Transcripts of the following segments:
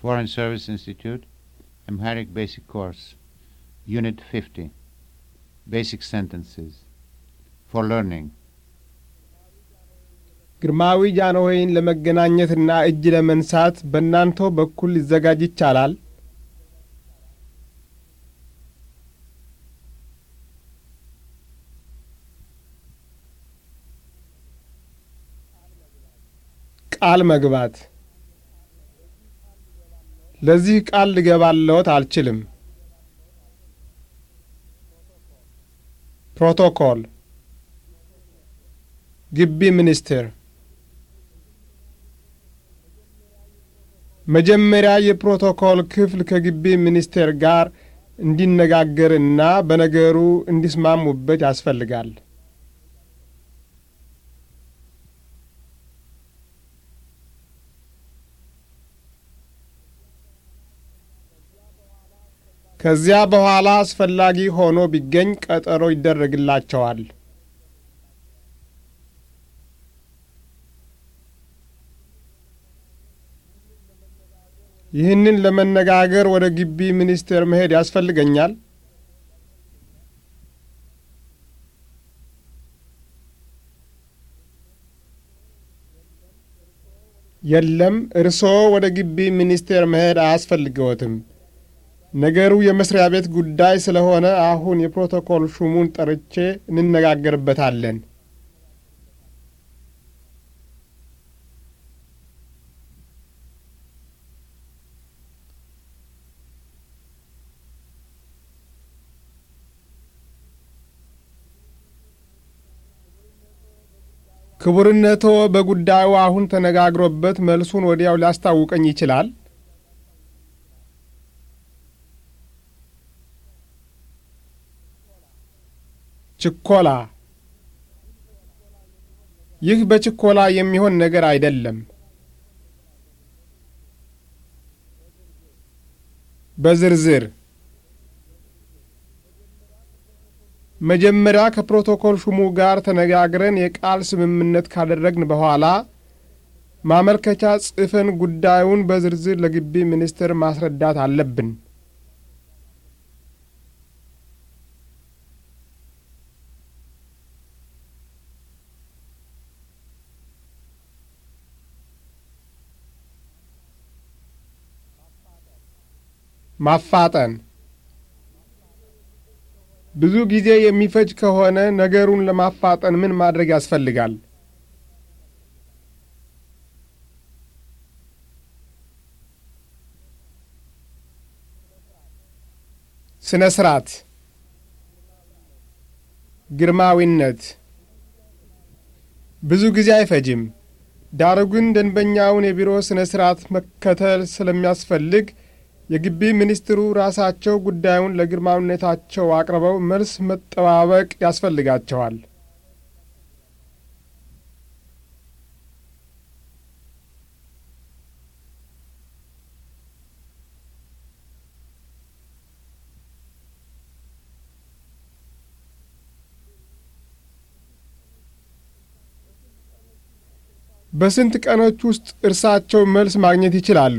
Foreign Service Institute, Amharic Basic Course, Unit 50, Basic Sentences, for Learning. ግርማዊ ጃንሆይን ለመገናኘትና እጅ ለመንሳት በእናንተው በኩል ሊዘጋጅ ይቻላል? ቃል መግባት ለዚህ ቃል ልገባለሁት አልችልም። ፕሮቶኮል ግቢ ሚኒስትር መጀመሪያ የፕሮቶኮል ክፍል ከግቢ ሚኒስቴር ጋር እንዲነጋገርና በነገሩ እንዲስማሙበት ያስፈልጋል። ከዚያ በኋላ አስፈላጊ ሆኖ ቢገኝ ቀጠሮ ይደረግላቸዋል። ይህንን ለመነጋገር ወደ ግቢ ሚኒስቴር መሄድ ያስፈልገኛል? የለም፣ እርስዎ ወደ ግቢ ሚኒስቴር መሄድ አያስፈልገወትም። ነገሩ የመስሪያ ቤት ጉዳይ ስለሆነ አሁን የፕሮቶኮል ሹሙን ጠርቼ እንነጋገርበታለን። ክቡርነቶ በጉዳዩ አሁን ተነጋግሮበት መልሱን ወዲያው ሊያስታውቀኝ ይችላል? ችኮላ ይህ በችኮላ የሚሆን ነገር አይደለም። በዝርዝር መጀመሪያ ከፕሮቶኮል ሹሙ ጋር ተነጋግረን የቃል ስምምነት ካደረግን በኋላ ማመልከቻ ጽፈን ጉዳዩን በዝርዝር ለግቢ ሚኒስትር ማስረዳት አለብን። ማፋጠን ብዙ ጊዜ የሚፈጅ ከሆነ ነገሩን ለማፋጠን ምን ማድረግ ያስፈልጋል? ስነ ስርዓት፣ ግርማዊነት። ብዙ ጊዜ አይፈጅም። ዳሩ ግን ደንበኛውን የቢሮ ስነ ስርዓት መከተል ስለሚያስፈልግ የግቢ ሚኒስትሩ ራሳቸው ጉዳዩን ለግርማዊነታቸው አቅርበው መልስ መጠባበቅ ያስፈልጋቸዋል። በስንት ቀኖች ውስጥ እርሳቸው መልስ ማግኘት ይችላሉ?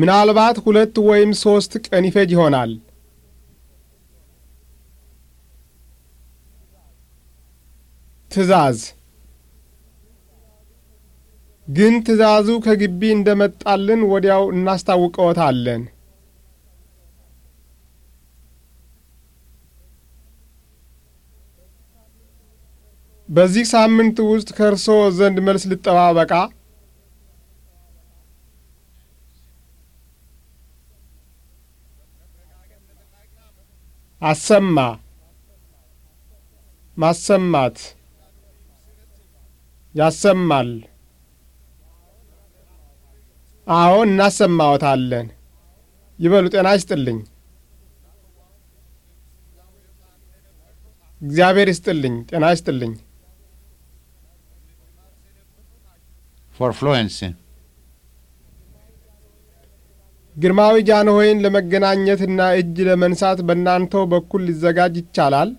ምናልባት ሁለት ወይም ሦስት ቀን ይፈጅ ይሆናል። ትዕዛዝ ግን ትእዛዙ ከግቢ እንደመጣልን ወዲያው እናስታውቀዎታለን። በዚህ ሳምንት ውስጥ ከእርስዎ ዘንድ መልስ ልጠባበቃ? አሰማ ማሰማት ያሰማል። አዎ እናሰማዎታለን። ይበሉ ጤና ይስጥልኝ። እግዚአብሔር ይስጥልኝ። ጤና ይስጥልኝ። ፎር ፍሉዌንሲ ግርማዊ ጃንሆይን ለመገናኘትና እጅ ለመንሳት በእናንተው በኩል ሊዘጋጅ ይቻላል?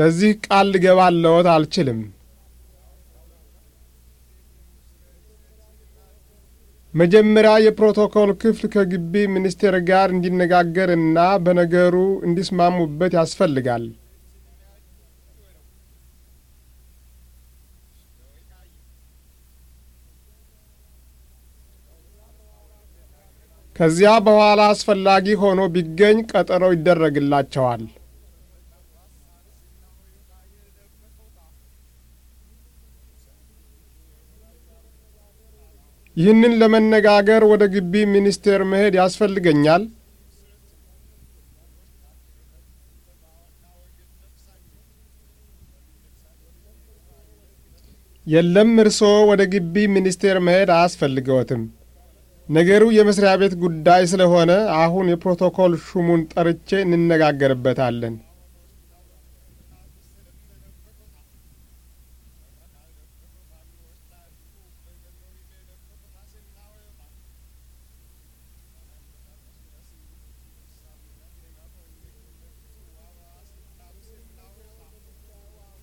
ለዚህ ቃል ልገባለዎት አልችልም። መጀመሪያ የፕሮቶኮል ክፍል ከግቢ ሚኒስቴር ጋር እንዲነጋገር እና በነገሩ እንዲስማሙበት ያስፈልጋል። ከዚያ በኋላ አስፈላጊ ሆኖ ቢገኝ ቀጠሮ ይደረግላቸዋል። ይህንን ለመነጋገር ወደ ግቢ ሚኒስቴር መሄድ ያስፈልገኛል? የለም፣ እርስዎ ወደ ግቢ ሚኒስቴር መሄድ አያስፈልገዎትም። ነገሩ የመስሪያ ቤት ጉዳይ ስለሆነ አሁን የፕሮቶኮል ሹሙን ጠርቼ እንነጋገርበታለን።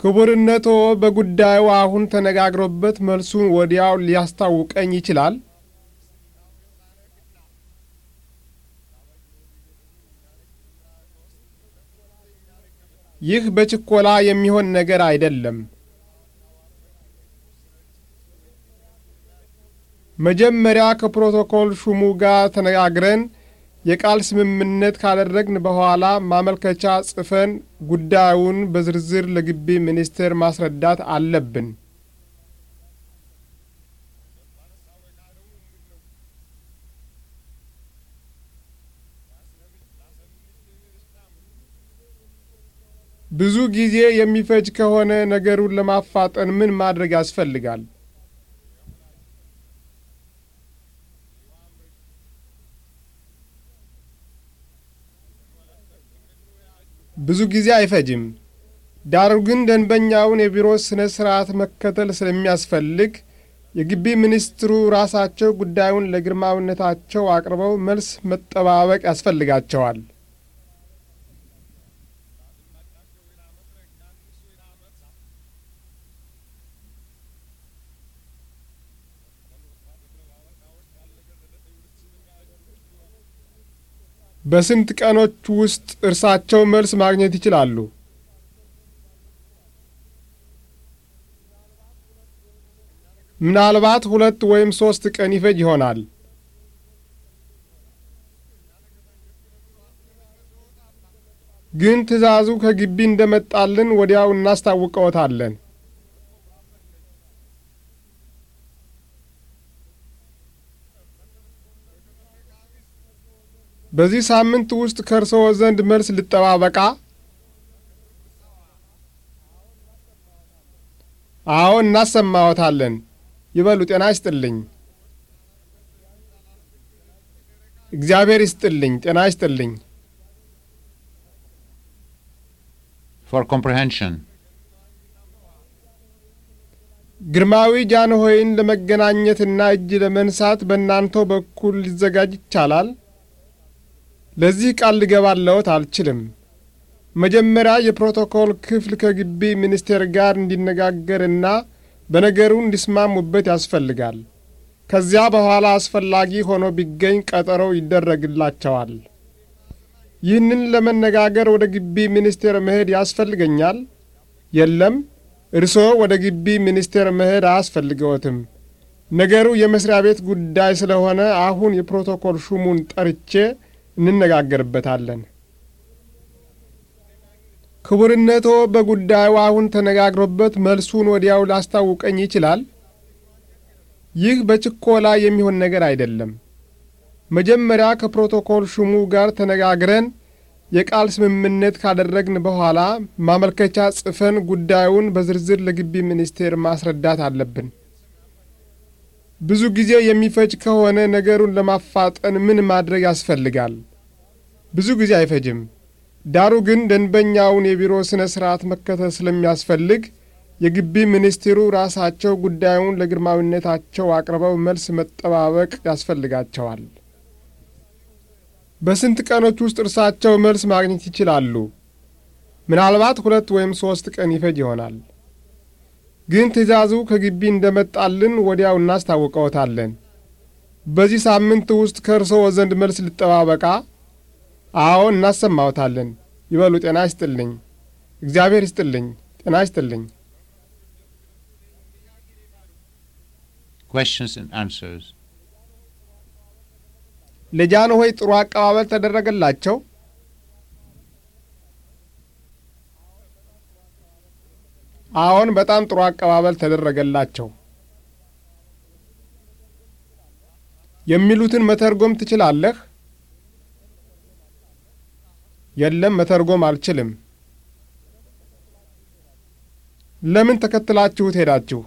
ክቡርነቶ በጉዳዩ አሁን ተነጋግሮበት መልሱን ወዲያው ሊያስታውቀኝ ይችላል? ይህ በችኮላ የሚሆን ነገር አይደለም። መጀመሪያ ከፕሮቶኮል ሹሙ ጋር ተነጋግረን የቃል ስምምነት ካደረግን በኋላ ማመልከቻ ጽፈን ጉዳዩን በዝርዝር ለግቢ ሚኒስቴር ማስረዳት አለብን። ብዙ ጊዜ የሚፈጅ ከሆነ ነገሩን ለማፋጠን ምን ማድረግ ያስፈልጋል? ብዙ ጊዜ አይፈጅም። ዳሩ ግን ደንበኛውን የቢሮ ሥነ ሥርዓት መከተል ስለሚያስፈልግ የግቢ ሚኒስትሩ ራሳቸው ጉዳዩን ለግርማዊነታቸው አቅርበው መልስ መጠባበቅ ያስፈልጋቸዋል። በስንት ቀኖች ውስጥ እርሳቸው መልስ ማግኘት ይችላሉ? ምናልባት ሁለት ወይም ሦስት ቀን ይፈጅ ይሆናል። ግን ትዕዛዙ ከግቢ እንደመጣልን ወዲያው እናስታውቀዎታለን። በዚህ ሳምንት ውስጥ ከእርስዎ ዘንድ መልስ ልጠባበቃ? አዎ እናሰማዎታለን። ይበሉ። ጤና ይስጥልኝ። እግዚአብሔር ይስጥልኝ። ጤና ይስጥልኝ። ፎር comprehension ግርማዊ ጃንሆይን ለመገናኘትና እጅ ለመንሳት በእናንተው በኩል ሊዘጋጅ ይቻላል? ለዚህ ቃል ልገባለሁት አልችልም። መጀመሪያ የፕሮቶኮል ክፍል ከግቢ ሚኒስቴር ጋር እንዲነጋገርና በነገሩ እንዲስማሙበት ያስፈልጋል። ከዚያ በኋላ አስፈላጊ ሆኖ ቢገኝ ቀጠሮ ይደረግላቸዋል። ይህንን ለመነጋገር ወደ ግቢ ሚኒስቴር መሄድ ያስፈልገኛል? የለም፣ እርስዎ ወደ ግቢ ሚኒስቴር መሄድ አያስፈልገዎትም። ነገሩ የመስሪያ ቤት ጉዳይ ስለሆነ አሁን የፕሮቶኮል ሹሙን ጠርቼ እንነጋገርበታለን። ክቡርነቶ በጉዳዩ አሁን ተነጋግሮበት መልሱን ወዲያው ላስታውቀኝ ይችላል? ይህ በችኮላ የሚሆን ነገር አይደለም። መጀመሪያ ከፕሮቶኮል ሹሙ ጋር ተነጋግረን የቃል ስምምነት ካደረግን በኋላ ማመልከቻ ጽፈን ጉዳዩን በዝርዝር ለግቢ ሚኒስቴር ማስረዳት አለብን። ብዙ ጊዜ የሚፈጅ ከሆነ ነገሩን ለማፋጠን ምን ማድረግ ያስፈልጋል? ብዙ ጊዜ አይፈጅም። ዳሩ ግን ደንበኛውን የቢሮ ሥነ ሥርዓት መከተል ስለሚያስፈልግ የግቢ ሚኒስትሩ ራሳቸው ጉዳዩን ለግርማዊነታቸው አቅርበው መልስ መጠባበቅ ያስፈልጋቸዋል። በስንት ቀኖች ውስጥ እርሳቸው መልስ ማግኘት ይችላሉ? ምናልባት ሁለት ወይም ሦስት ቀን ይፈጅ ይሆናል። ግን ትእዛዙ ከግቢ እንደመጣልን ወዲያው እናስታውቀዎታለን። በዚህ ሳምንት ውስጥ ከእርስዎ ዘንድ መልስ ልጠባበቃ? አዎ፣ እናሰማዎታለን። ይበሉ። ጤና ይስጥልኝ። እግዚአብሔር ይስጥልኝ። ጤና ይስጥልኝ። ለጃንሆይ ጥሩ አቀባበል ተደረገላቸው? አሁን በጣም ጥሩ አቀባበል ተደረገላቸው። የሚሉትን መተርጎም ትችላለህ? የለም፣ መተርጎም አልችልም። ለምን ተከትላችሁት ሄዳችሁ?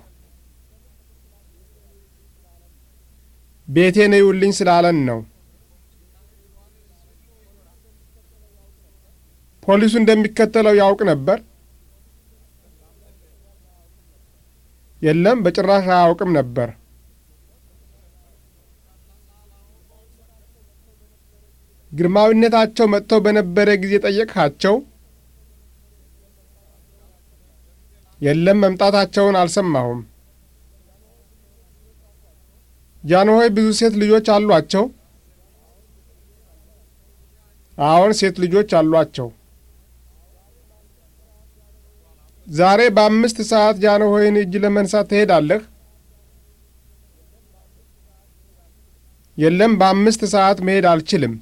ቤቴን ይውልኝ ስላለን ነው። ፖሊሱ እንደሚከተለው ያውቅ ነበር? የለም፣ በጭራሽ አያውቅም ነበር። ግርማዊነታቸው መጥተው በነበረ ጊዜ ጠየቅሃቸው? የለም፣ መምጣታቸውን አልሰማሁም። ጃንሆይ ብዙ ሴት ልጆች አሏቸው? አዎን፣ ሴት ልጆች አሏቸው። ዛሬ በአምስት ሰዓት ጃንሆይን እጅ ለመንሳት ትሄዳለህ? የለም፣ በአምስት ሰዓት መሄድ አልችልም።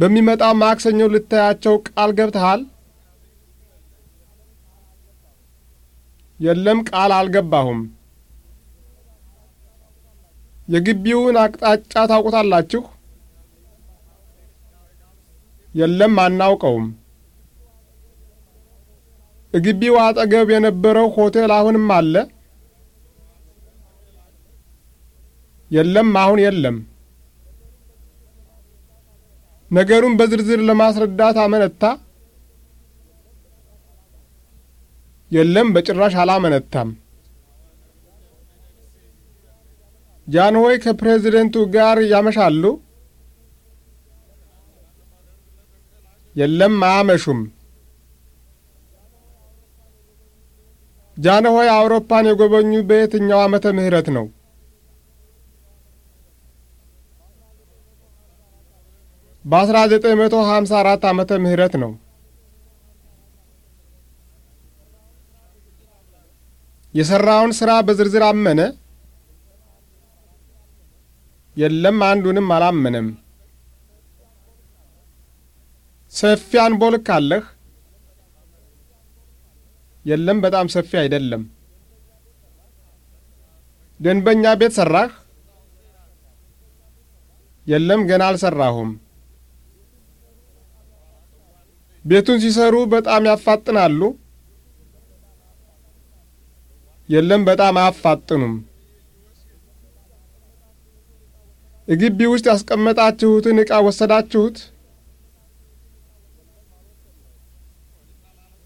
በሚመጣው ማክሰኞ ልታያቸው ቃል ገብተሃል? የለም፣ ቃል አልገባሁም። የግቢውን አቅጣጫ ታውቁታላችሁ? የለም አናውቀውም። እግቢው አጠገብ የነበረው ሆቴል አሁንም አለ? የለም፣ አሁን የለም። ነገሩን በዝርዝር ለማስረዳት አመነታ? የለም፣ በጭራሽ አላመነታም። ጃንሆይ ከፕሬዚደንቱ ጋር ያመሻሉ? የለም አያመሹም። ጃንሆይ አውሮፓን የጎበኙ በየትኛው ዓመተ ምህረት ነው? በ1954 ዓመተ ምህረት ነው። የሠራውን ሥራ በዝርዝር አመነ? የለም አንዱንም አላመነም። ሰፊ አንቦልክ አለህ? የለም፣ በጣም ሰፊ አይደለም። ደንበኛ ቤት ሰራህ? የለም፣ ገና አልሰራሁም። ቤቱን ሲሰሩ በጣም ያፋጥናሉ? የለም፣ በጣም አያፋጥኑም። እግቢ ውስጥ ያስቀመጣችሁትን ዕቃ ወሰዳችሁት?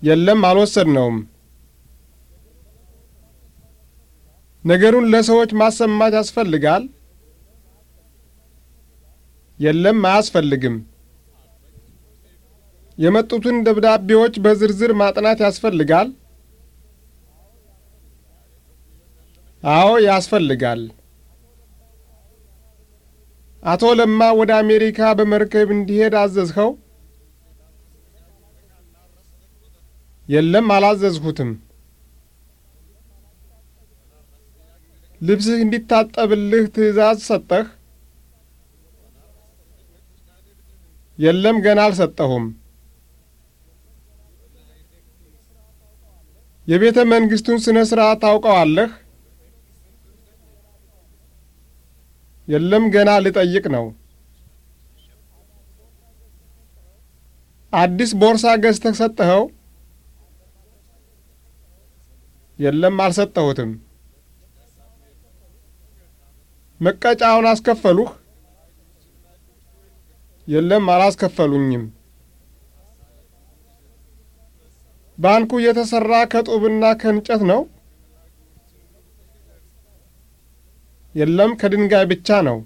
የለም አልወሰድነውም። ነገሩን ለሰዎች ማሰማት ያስፈልጋል? የለም አያስፈልግም። የመጡትን ደብዳቤዎች በዝርዝር ማጥናት ያስፈልጋል? አዎ ያስፈልጋል። አቶ ለማ ወደ አሜሪካ በመርከብ እንዲሄድ አዘዝኸው? የለም አላዘዝሁትም። ልብስህ እንዲታጠብልህ ትእዛዝ ሰጠህ? የለም ገና አልሰጠሁም። የቤተ መንግስቱን ስነ ስርዓት ታውቀዋለህ? የለም ገና ልጠይቅ ነው። አዲስ ቦርሳ ገዝተህ ሰጠኸው? የለም አልሰጠሁትም። መቀጫውን አስከፈሉህ? የለም አላስከፈሉኝም። ባንኩ የተሠራ ከጡብና ከእንጨት ነው? የለም ከድንጋይ ብቻ ነው።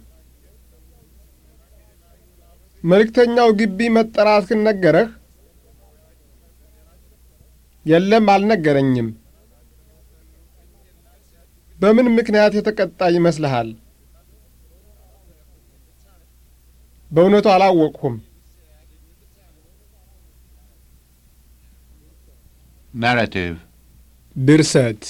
መልእክተኛው ግቢ መጠራትህን ነገረህ? የለም አልነገረኝም። በምን ምክንያት የተቀጣ ይመስልሃል? በእውነቱ አላወቅሁም። ናራቲቭ ድርሰት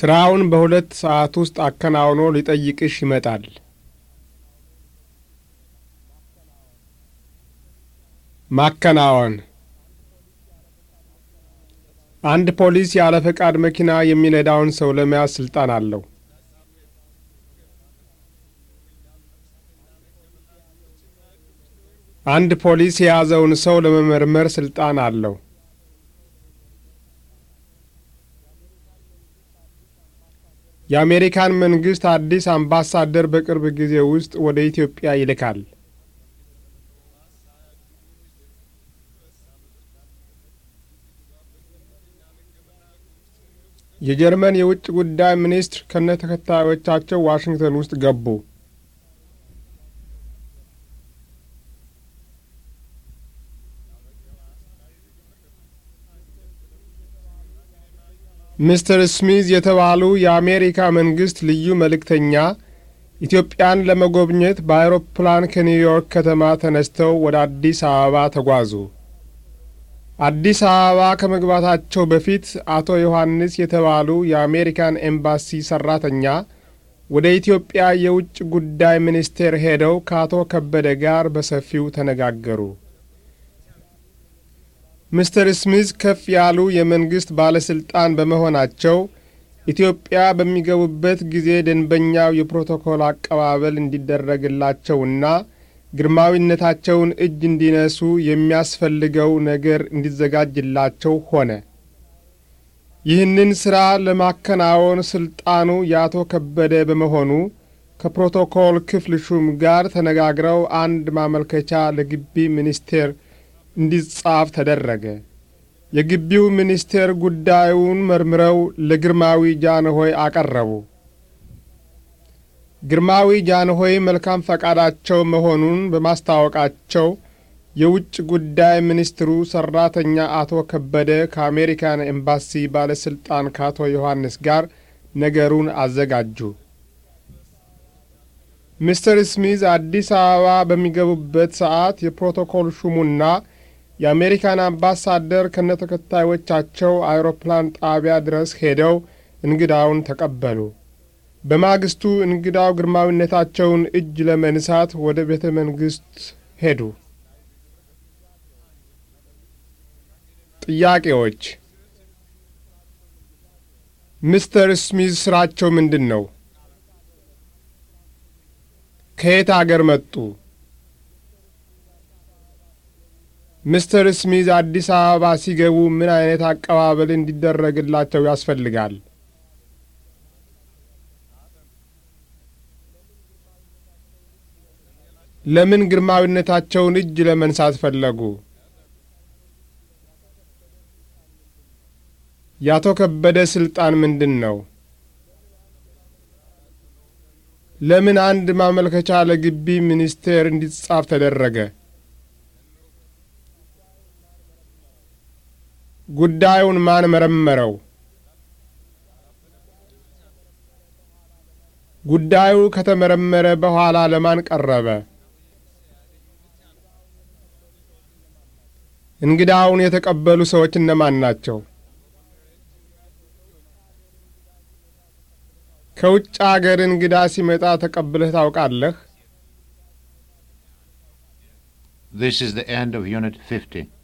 ስራውን በሁለት ሰዓት ውስጥ አከናውኖ ሊጠይቅሽ ይመጣል። ማከናወን አንድ ፖሊስ ያለ ፈቃድ መኪና የሚነዳውን ሰው ለመያዝ ስልጣን አለው። አንድ ፖሊስ የያዘውን ሰው ለመመርመር ስልጣን አለው። የአሜሪካን መንግሥት አዲስ አምባሳደር በቅርብ ጊዜ ውስጥ ወደ ኢትዮጵያ ይልካል። የጀርመን የውጭ ጉዳይ ሚኒስትር ከነ ተከታዮቻቸው ዋሽንግተን ውስጥ ገቡ። ሚስተር ስሚዝ የተባሉ የአሜሪካ መንግሥት ልዩ መልእክተኛ ኢትዮጵያን ለመጎብኘት በአውሮፕላን ከኒውዮርክ ከተማ ተነስተው ወደ አዲስ አበባ ተጓዙ። አዲስ አበባ ከመግባታቸው በፊት አቶ ዮሐንስ የተባሉ የአሜሪካን ኤምባሲ ሰራተኛ ወደ ኢትዮጵያ የውጭ ጉዳይ ሚኒስቴር ሄደው ከአቶ ከበደ ጋር በሰፊው ተነጋገሩ። ምስተር ስሚዝ ከፍ ያሉ የመንግሥት ባለሥልጣን በመሆናቸው ኢትዮጵያ በሚገቡበት ጊዜ ደንበኛው የፕሮቶኮል አቀባበል እንዲደረግላቸውና ግርማዊነታቸውን እጅ እንዲነሱ የሚያስፈልገው ነገር እንዲዘጋጅላቸው ሆነ። ይህንን ሥራ ለማከናወን ሥልጣኑ የአቶ ከበደ በመሆኑ ከፕሮቶኮል ክፍል ሹም ጋር ተነጋግረው አንድ ማመልከቻ ለግቢ ሚኒስቴር እንዲጻፍ ተደረገ። የግቢው ሚኒስቴር ጉዳዩን መርምረው ለግርማዊ ጃንሆይ አቀረቡ። ግርማዊ ጃንሆይ መልካም ፈቃዳቸው መሆኑን በማስታወቃቸው የውጭ ጉዳይ ሚኒስትሩ ሰራተኛ አቶ ከበደ ከአሜሪካን ኤምባሲ ባለሥልጣን ከአቶ ዮሐንስ ጋር ነገሩን አዘጋጁ። ሚስተር ስሚዝ አዲስ አበባ በሚገቡበት ሰዓት የፕሮቶኮል ሹሙና የአሜሪካን አምባሳደር ከነተከታዮቻቸው አውሮፕላን ጣቢያ ድረስ ሄደው እንግዳውን ተቀበሉ። በማግስቱ እንግዳው ግርማዊነታቸውን እጅ ለመንሳት ወደ ቤተ መንግሥት ሄዱ። ጥያቄዎች ምስተር ስሚዝ ስራቸው ምንድን ነው? ከየት አገር መጡ? ምስተር ስሚዝ አዲስ አበባ ሲገቡ ምን አይነት አቀባበል እንዲደረግላቸው ያስፈልጋል? ለምን ግርማዊነታቸውን እጅ ለመንሳት ፈለጉ? የአቶ ከበደ ስልጣን ምንድን ነው? ለምን አንድ ማመልከቻ ለግቢ ሚኒስቴር እንዲጻፍ ተደረገ? ጉዳዩን ማን መረመረው? ጉዳዩ ከተመረመረ በኋላ ለማን ቀረበ? እንግዳውን የተቀበሉ ሰዎች እነማን ናቸው? ከውጭ አገር እንግዳ ሲመጣ ተቀብለህ ታውቃለህ? This is the end of Unit 15.